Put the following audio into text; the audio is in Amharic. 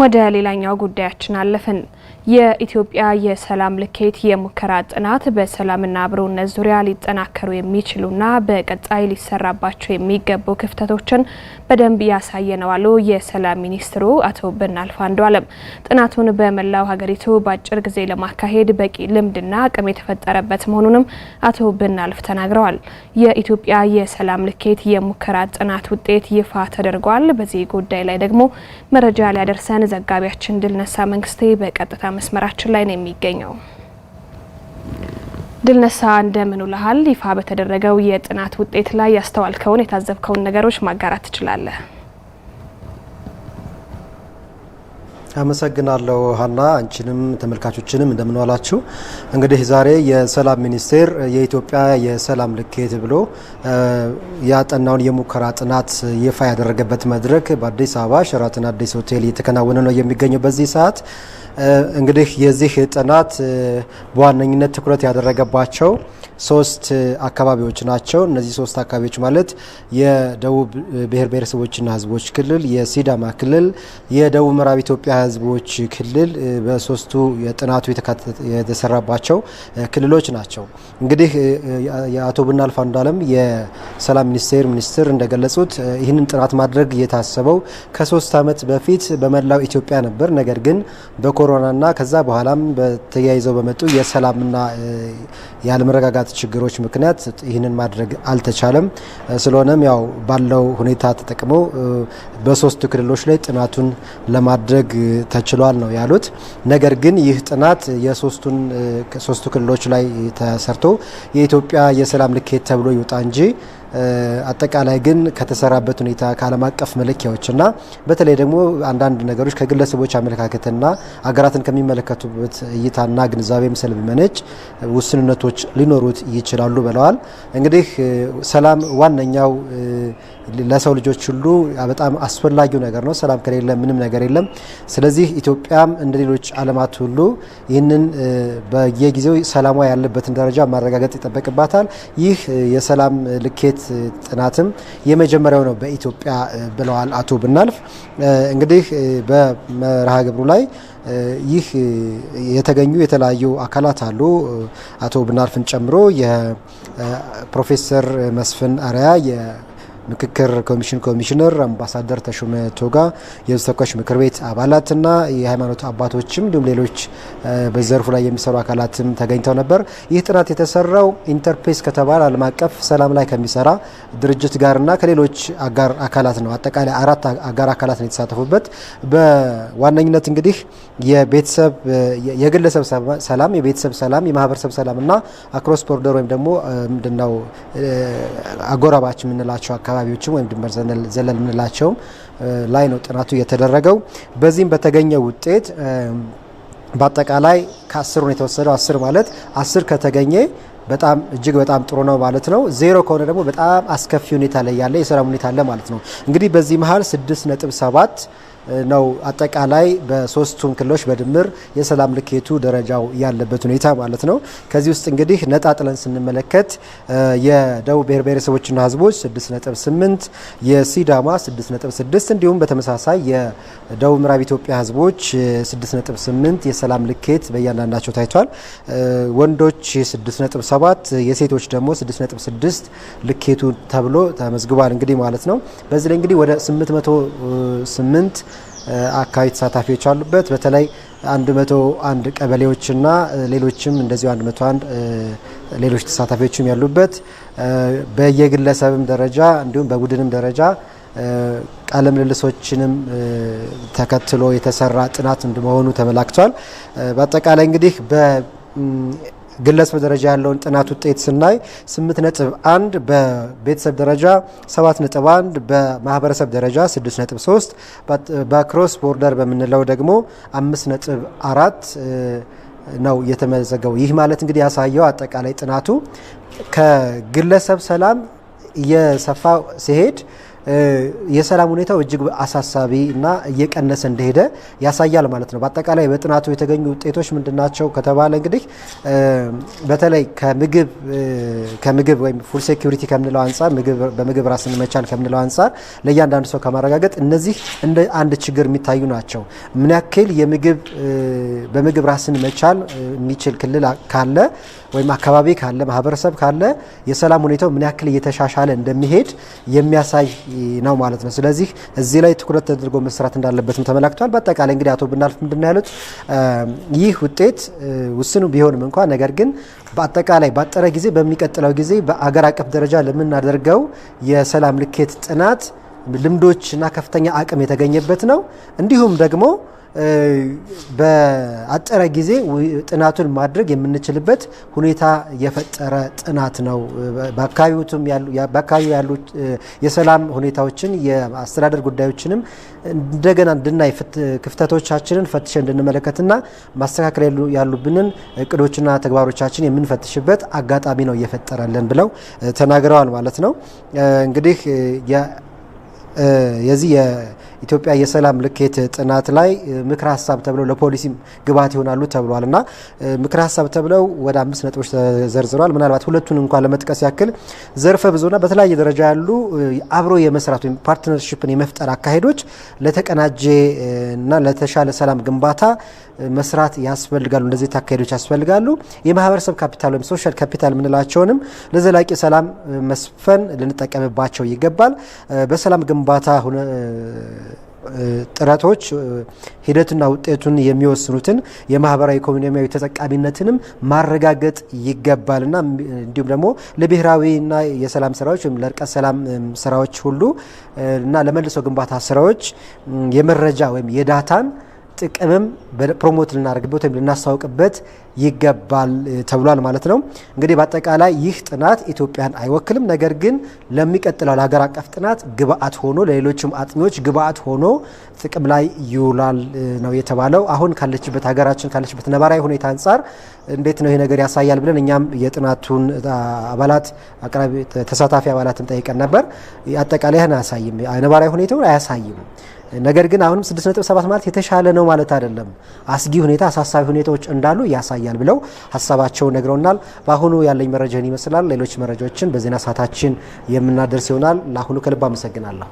ወደ ሌላኛው ጉዳያችን አለፍን። የኢትዮጵያ የሰላም ልኬት የሙከራ ጥናት በሰላምና አብሮነት ዙሪያ ሊጠናከሩ የሚችሉና በቀጣይ ሊሰራባቸው የሚገቡ ክፍተቶችን በደንብ ያሳየ ነው አሉ የሰላም ሚኒስትሩ አቶ ብናልፍ አለም ጥናቱን በመላው ሀገሪቱ በአጭር ጊዜ ለማካሄድ በቂ ልምድና አቅም የተፈጠረበት መሆኑንም አቶ ብናልፍ ተናግረዋል። የኢትዮጵያ የሰላም ልኬት የሙከራ ጥናት ውጤት ይፋ ተደርጓል። በዚህ ጉዳይ ላይ ደግሞ መረጃ ሊያደርሰን ዘጋቢያችን ድልነሳ መንግስቴ በቀ በቀጥታ መስመራችን ላይ ነው የሚገኘው። ድልነሳ እንደምን ውለሃል? ይፋ በተደረገው የጥናት ውጤት ላይ ያስተዋልከውን የታዘብከውን ነገሮች ማጋራት ትችላለህ? አመሰግናለሁ ሀና፣ አንቺንም ተመልካቾችንም እንደምንዋላችሁ። እንግዲህ ዛሬ የሰላም ሚኒስቴር የኢትዮጵያ የሰላም ልኬት ብሎ ያጠናውን የሙከራ ጥናት ይፋ ያደረገበት መድረክ በአዲስ አበባ ሸራተን አዲስ ሆቴል እየተከናወነ ነው የሚገኘው በዚህ ሰዓት እንግዲህ የዚህ ጥናት በዋነኝነት ትኩረት ያደረገባቸው ሶስት አካባቢዎች ናቸው። እነዚህ ሶስት አካባቢዎች ማለት የደቡብ ብሔር ብሔረሰቦችና ሕዝቦች ክልል፣ የሲዳማ ክልል፣ የደቡብ ምዕራብ ኢትዮጵያ ሕዝቦች ክልል በሶስቱ የጥናቱ የተሰራባቸው ክልሎች ናቸው። እንግዲህ የአቶ ብናልፍ አለም። ሰላም ሚኒስቴር ሚኒስትር እንደገለጹት ይህንን ጥናት ማድረግ የታሰበው ከሶስት ዓመት በፊት በመላው ኢትዮጵያ ነበር። ነገር ግን በኮሮናና ከዛ በኋላም ተያይዘው በመጡ የሰላምና ያለመረጋጋት ችግሮች ምክንያት ይህንን ማድረግ አልተቻለም። ስለሆነም ያው ባለው ሁኔታ ተጠቅመው በሶስቱ ክልሎች ላይ ጥናቱን ለማድረግ ተችሏል ነው ያሉት። ነገር ግን ይህ ጥናት የሶስቱን ሶስቱ ክልሎች ላይ ተሰርቶ የኢትዮጵያ የሰላም ልኬት ተብሎ ይውጣ እንጂ አጠቃላይ ግን ከተሰራበት ሁኔታ ከዓለም አቀፍ መለኪያዎችና በተለይ ደግሞ አንዳንድ ነገሮች ከግለሰቦች አመለካከትና አገራትን ከሚመለከቱበት እይታና ግንዛቤም ስለሚመነጭ ውስንነቶች ሊኖሩት ይችላሉ ብለዋል። እንግዲህ ሰላም ዋነኛው ለሰው ልጆች ሁሉ በጣም አስፈላጊው ነገር ነው። ሰላም ከሌለ ምንም ነገር የለም። ስለዚህ ኢትዮጵያም እንደ ሌሎች ዓለማት ሁሉ ይህንን በየጊዜው ሰላሟ ያለበትን ደረጃ ማረጋገጥ ይጠበቅባታል። ይህ የሰላም ልኬት ጥናትም የመጀመሪያው ነው በኢትዮጵያ ብለዋል አቶ ብናልፍ። እንግዲህ በመርሃ ግብሩ ላይ ይህ የተገኙ የተለያዩ አካላት አሉ። አቶ ብናልፍን ጨምሮ የፕሮፌሰር መስፍን አርያ ምክክር ኮሚሽን ኮሚሽነር አምባሳደር ተሾመ ቶጋ፣ የህዝብ ተወካዮች ምክር ቤት አባላትና የሃይማኖት አባቶችም እንዲሁም ሌሎች በዘርፉ ላይ የሚሰሩ አካላትም ተገኝተው ነበር። ይህ ጥናት የተሰራው ኢንተርፔስ ከተባለ ዓለም አቀፍ ሰላም ላይ ከሚሰራ ድርጅት ጋርና ከሌሎች አጋር አካላት ነው። አጠቃላይ አራት አጋር አካላት ነው የተሳተፉበት። በዋነኝነት እንግዲህ የቤተሰብ የግለሰብ ሰላም፣ የቤተሰብ ሰላም፣ የማህበረሰብ ሰላም እና አክሮስ ቦርደር ወይም ደግሞ ምንድነው አጎራባች የምንላቸው አካባቢ አካባቢዎችም ወይም ድንበር ዘለል የምንላቸውም ላይ ነው ጥናቱ የተደረገው። በዚህም በተገኘ ውጤት በአጠቃላይ ከአስሩ ነው የተወሰደው። አስር ማለት አስር ከተገኘ በጣም እጅግ በጣም ጥሩ ነው ማለት ነው። ዜሮ ከሆነ ደግሞ በጣም አስከፊ ሁኔታ ላይ ያለ የሰላም ሁኔታ አለ ማለት ነው። እንግዲህ በዚህ መሀል ስድስት ነጥብ ሰባት ነው። አጠቃላይ በሶስቱም ክልሎች በድምር የሰላም ልኬቱ ደረጃው ያለበት ሁኔታ ማለት ነው። ከዚህ ውስጥ እንግዲህ ነጣጥለን ስንመለከት የደቡብ ብሔር ብሔረሰቦችና ሕዝቦች 6.8፣ የሲዳማ 6.6 እንዲሁም በተመሳሳይ የደቡብ ምዕራብ ኢትዮጵያ ሕዝቦች 6.8 የሰላም ልኬት በእያንዳንዳቸው ታይቷል። ወንዶች 6.7፣ የሴቶች ደግሞ 6.6 ልኬቱ ተብሎ ተመዝግቧል። እንግዲህ ማለት ነው በዚህ ላይ እንግዲህ ወደ 808 አካባቢ ተሳታፊዎች አሉበት። በተለይ 101 ቀበሌዎችና ሌሎችም እንደዚሁ 101 ሌሎች ተሳታፊዎችም ያሉበት በየግለሰብም ደረጃ እንዲሁም በቡድንም ደረጃ ቃለ ምልልሶችንም ተከትሎ የተሰራ ጥናት እንደመሆኑ ተመላክቷል። በአጠቃላይ እንግዲህ በ ግለሰብ ደረጃ ያለውን ጥናት ውጤት ስናይ 8.1 በቤተሰብ ደረጃ 7.1 በማህበረሰብ ደረጃ 6.3 በክሮስ ቦርደር በምንለው ደግሞ 5.4 ነው የተመዘገበው። ይህ ማለት እንግዲህ ያሳየው አጠቃላይ ጥናቱ ከግለሰብ ሰላም እየሰፋ ሲሄድ የሰላም ሁኔታው እጅግ አሳሳቢ እና እየቀነሰ እንደሄደ ያሳያል ማለት ነው። በአጠቃላይ በጥናቱ የተገኙ ውጤቶች ምንድናቸው ከተባለ እንግዲህ በተለይ ከምግብ ከምግብ ወይም ፉድ ሴኩሪቲ ከምንለው አንጻር በምግብ ራስን መቻል ከምንለው አንጻር ለእያንዳንዱ ሰው ከማረጋገጥ እነዚህ እንደ አንድ ችግር የሚታዩ ናቸው። ምን ያክል የምግብ በምግብ ራስን መቻል የሚችል ክልል ካለ ወይም አካባቢ ካለ ማህበረሰብ ካለ የሰላም ሁኔታው ምን ያክል እየተሻሻለ እንደሚሄድ የሚያሳይ ነው ማለት ነው። ስለዚህ እዚህ ላይ ትኩረት ተደርጎ መስራት እንዳለበትም ተመላክቷል። በአጠቃላይ እንግዲህ አቶ ብናልፍ ምንድን ያሉት ይህ ውጤት ውስኑ ቢሆንም እንኳ ነገር ግን በአጠቃላይ ባጠረ ጊዜ በሚቀጥለው ጊዜ በአገር አቀፍ ደረጃ ለምናደርገው የሰላም ልኬት ጥናት ልምዶችና ከፍተኛ አቅም የተገኘበት ነው እንዲሁም ደግሞ በአጠረ ጊዜ ጥናቱን ማድረግ የምንችልበት ሁኔታ የፈጠረ ጥናት ነው። በአካባቢው ያሉ የሰላም ሁኔታዎችን የአስተዳደር ጉዳዮችንም እንደገና እንድናይ ክፍተቶቻችንን ፈትሸ እንድንመለከትና ማስተካከል ያሉብንን እቅዶችና ተግባሮቻችን የምንፈትሽበት አጋጣሚ ነው እየፈጠረልን ብለው ተናግረዋል ማለት ነው እንግዲህ የዚህ ኢትዮጵያ የሰላም ልኬት ጥናት ላይ ምክር ሀሳብ ተብለው ለፖሊሲ ግብዓት ይሆናሉ ተብሏል እና ምክር ሀሳብ ተብለው ወደ አምስት ነጥቦች ተዘርዝረዋል። ምናልባት ሁለቱን እንኳን ለመጥቀስ ያክል ዘርፈ ብዙና በተለያየ ደረጃ ያሉ አብሮ የመስራት ወይም ፓርትነርሽፕን የመፍጠር አካሄዶች ለተቀናጀ እና ለተሻለ ሰላም ግንባታ መስራት ያስፈልጋሉ። እንደዚህ አካሄዶች ያስፈልጋሉ። የማህበረሰብ ካፒታል ወይም ሶሻል ካፒታል የምንላቸውንም ለዘላቂ ሰላም መስፈን ልንጠቀምባቸው ይገባል። በሰላም ግንባታ ጥረቶች ሂደትና ውጤቱን የሚወስኑትን የማህበራዊ ኢኮኖሚያዊ ተጠቃሚነትንም ማረጋገጥ ይገባልና እንዲሁም ደግሞ ለብሔራዊና የሰላም ስራዎች ወይም ለእርቀት ሰላም ስራዎች ሁሉ እና ለመልሶ ግንባታ ስራዎች የመረጃ ወይም የዳታን ጥቅምም ፕሮሞት ልናደርግበት ወይም ልናስታውቅበት ይገባል ተብሏል ማለት ነው። እንግዲህ በአጠቃላይ ይህ ጥናት ኢትዮጵያን አይወክልም፣ ነገር ግን ለሚቀጥለው ለሀገር አቀፍ ጥናት ግብአት ሆኖ ለሌሎችም አጥኚዎች ግብአት ሆኖ ጥቅም ላይ ይውላል ነው የተባለው። አሁን ካለችበት ሀገራችን ካለችበት ነባራዊ ሁኔታ አንጻር እንዴት ነው ይህ ነገር ያሳያል ብለን እኛም የጥናቱን አባላት አቅራቢ ተሳታፊ አባላትን ጠይቀን ነበር። አጠቃላይ አያሳይም፣ ነባራዊ ሁኔታውን አያሳይም ነገር ግን አሁንም 6.7 ማለት የተሻለ ነው ማለት አይደለም። አስጊ ሁኔታ፣ አሳሳቢ ሁኔታዎች እንዳሉ ያሳያል ብለው ሀሳባቸውን ነግረውናል። በአሁኑ ያለኝ መረጃ ይመስላል። ሌሎች መረጃዎችን በዜና ሰዓታችን የምናደርስ ይሆናል። ለአሁኑ ከልብ አመሰግናለሁ።